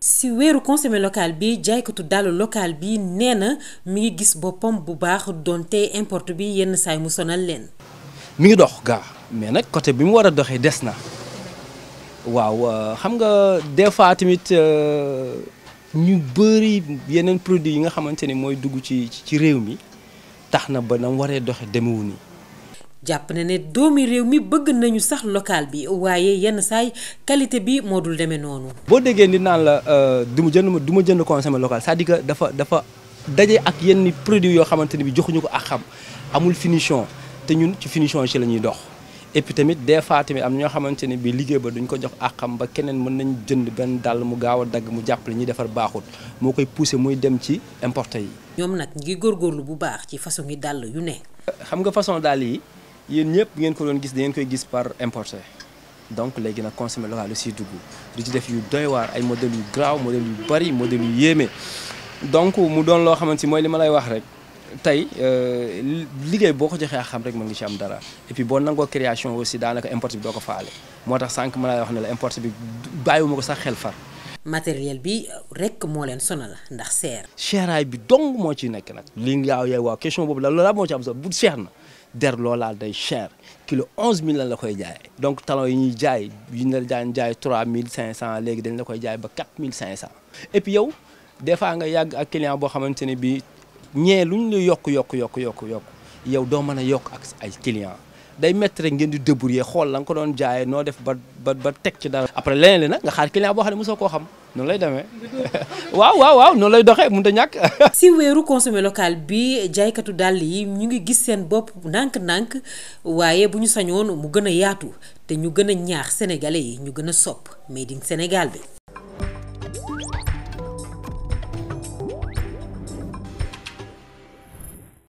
ci weeru consommé local bi jaaykatu dàll locale bi nee na mi ngi gis boppam bu baax donte importe bi yenn saay mu sonal leen. mi ngi dox gaa mais nag côté bi mu war a doxee des na waaw euh, xam nga des tamit euh, ñu bëri yeneen produit yi nga xamante ni mooy dugg ci ci réew mi tax na ba na mu waree doxe demewu nii jàpp na ne doomi réew mi bëgg nañu sax local bi waaye yenn saay qualité bi moo dul demee noonu. boo déggee nit naan la euh, du ma jënd du ma jënd consommé local c'est-à-dire dafa dafa daje ak yenn produits yoo xamante ne bi joxuñu ko ak xam amul finition te ñun ci finition ci la ñuy dox. et tamit des fois tamit am ñoo xamante ne bi liggéey ba duñ ko jox ak xam ba keneen mën nañ jënd benn dàll mu gaaw a dagg mu jàpp jàppale ñuy defar baaxut moo koy poussé muy dem ci importé yi. ñoom nag ñu ngi góorgóorlu bu baax ci façon yi dàll yu ne. xam nga façon dàll yi. yéen ñëpp ngeen ko doon gis da ngeen koy gis par importe donc léegi nag consommé local si dugg di ci def yu doy waar ay modèle yu graaw modèle yu bari modèle yu yéeme donc mu doon loo xamante si mooy li ma lay wax rek tey euh, liggéey boo ko joxee xam rek mën ngi ci am dara et puis boo nangoo création aussi daanaka importe bi doo ko faale moo tax sànq ma lay wax ne la importe bi bàyyiwuma ko sax xel far matériel bi rek moo leen sonal ndax seer. seeraay bi dong moo ciy nekk nag. li nga yaaw yaay waaw boobu la loolu moo am solo bu seer na. der loolaal day cher kilo onze mille la koy jaay donc talon yi ñuy jaay yu ñu la daan jaay trois mille cinq cent léegi dañ la koy jaay ba quatre mille cinq cent et puis yow des fois nga yàgg ak client boo xamante ne bii ñee lu ñu la yokk yokk yokk yokk yokk yow doo mën a yokk ak ay client day métti rek ngeen di débrouiller xool la nga ko doon jaaye noo def ba ba ba teg ci dara. après leneen li nag nga xaar client boo xam ne mosoo koo xam noonu lay demee waaw waaw waaw noonu lay doxee mun a ñàkk. si weeru consommé local bi jaaykatu dàll yi ñu ngi gis seen bopp ndànk-ndànk waaye bu ñu sañoon mu gën a yaatu te ñu gën a ñaax sénégalais yi ñu gën a sopp made in Sénégal bi.